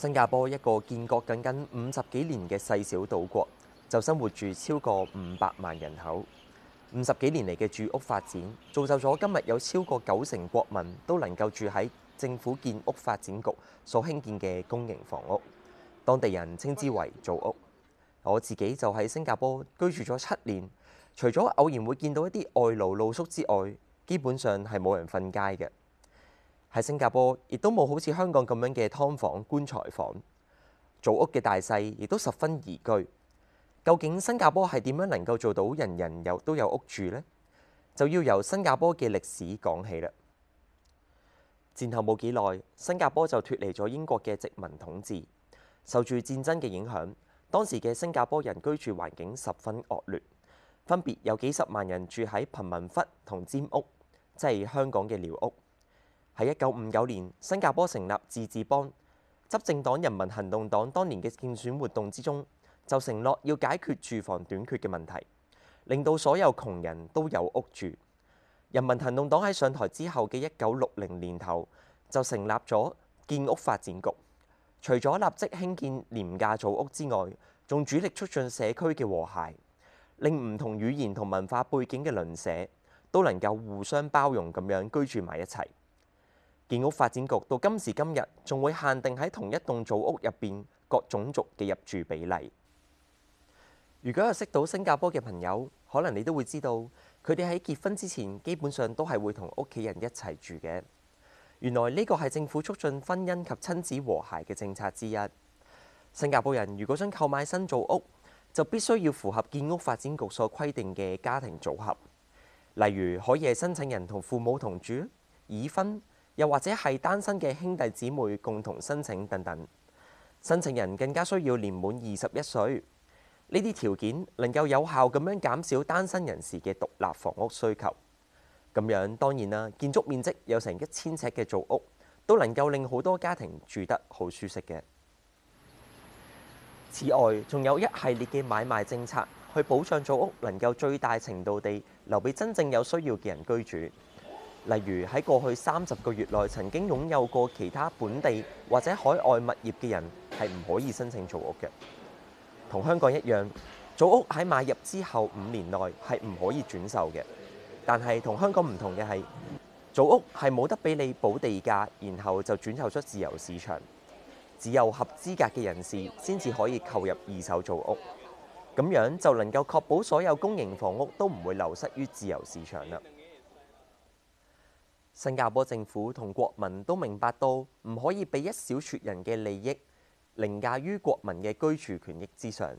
新加坡一個建國僅僅五十幾年嘅細小島國，就生活住超過五百萬人口。五十幾年嚟嘅住屋發展，造就咗今日有超過九成國民都能夠住喺政府建屋發展局所興建嘅公營房屋，當地人稱之為組屋。我自己就喺新加坡居住咗七年，除咗偶然會見到一啲外勞露宿之外，基本上係冇人瞓街嘅。喺新加坡，亦都冇好似香港咁樣嘅劏房、棺材房、組屋嘅大細，亦都十分宜居。究竟新加坡係點樣能夠做到人人有都有屋住呢？就要由新加坡嘅歷史講起啦。戰後冇幾耐，新加坡就脫離咗英國嘅殖民統治。受住戰爭嘅影響，當時嘅新加坡人居住環境十分惡劣，分別有幾十萬人住喺貧民窟同尖屋，即係香港嘅寮屋。喺一九五九年，新加坡成立自治邦，執政黨人民行動黨當年嘅競選活動之中就承諾要解決住房短缺嘅問題，令到所有窮人都有屋住。人民行動黨喺上台之後嘅一九六零年頭就成立咗建屋發展局，除咗立即興建廉價組屋之外，仲主力促進社區嘅和諧，令唔同語言同文化背景嘅鄰舍都能夠互相包容咁樣居住埋一齊。建屋發展局到今時今日，仲會限定喺同一棟組屋入邊各種族嘅入住比例。如果有識到新加坡嘅朋友，可能你都會知道，佢哋喺結婚之前基本上都係會同屋企人一齊住嘅。原來呢個係政府促進婚姻及親子和諧嘅政策之一。新加坡人如果想購買新組屋，就必須要符合建屋發展局所規定嘅家庭組合，例如可以係申請人同父母同住，已婚，又或者係單身嘅兄弟姊妹共同申請等等，申請人更加需要年滿二十一歲。呢啲條件能夠有效咁樣減少單身人士嘅獨立房屋需求。咁樣當然啦，建築面積有成一千尺嘅組屋都能夠令好多家庭住得好舒適嘅。此外，仲有一系列嘅買賣政策去保障組屋能夠最大程度地留俾真正有需要嘅人居住。例如喺過去三十個月內曾經擁有過其他本地或者海外物業嘅人係唔可以申請組屋嘅。同香港一樣，組屋喺買入之後五年內係唔可以轉售嘅。但係同香港唔同嘅係，組屋係冇得俾你補地價，然後就轉售出自由市場。只有合資格嘅人士先至可以購入二手組屋，咁樣就能夠確保所有公營房屋都唔會流失於自由市場啦。新加坡政府同國民都明白到唔可以俾一小撮人嘅利益凌駕於國民嘅居住權益之上。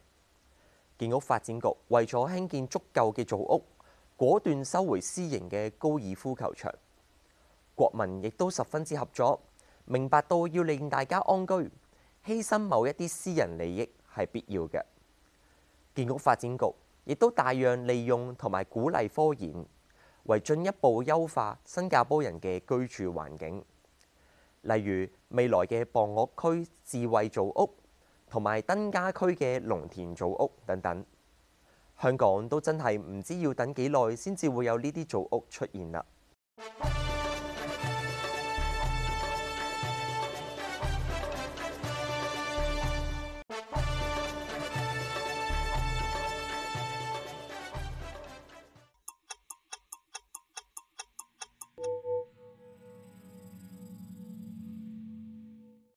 建屋發展局為咗興建足夠嘅組屋，果斷收回私營嘅高爾夫球場。國民亦都十分之合作，明白到要令大家安居，犧牲某一啲私人利益係必要嘅。建屋發展局亦都大量利用同埋鼓勵科研。為進一步優化新加坡人嘅居住環境，例如未來嘅傍屋區智慧造屋，同埋登家區嘅農田造屋等等，香港都真係唔知要等幾耐先至會有呢啲造屋出現啦。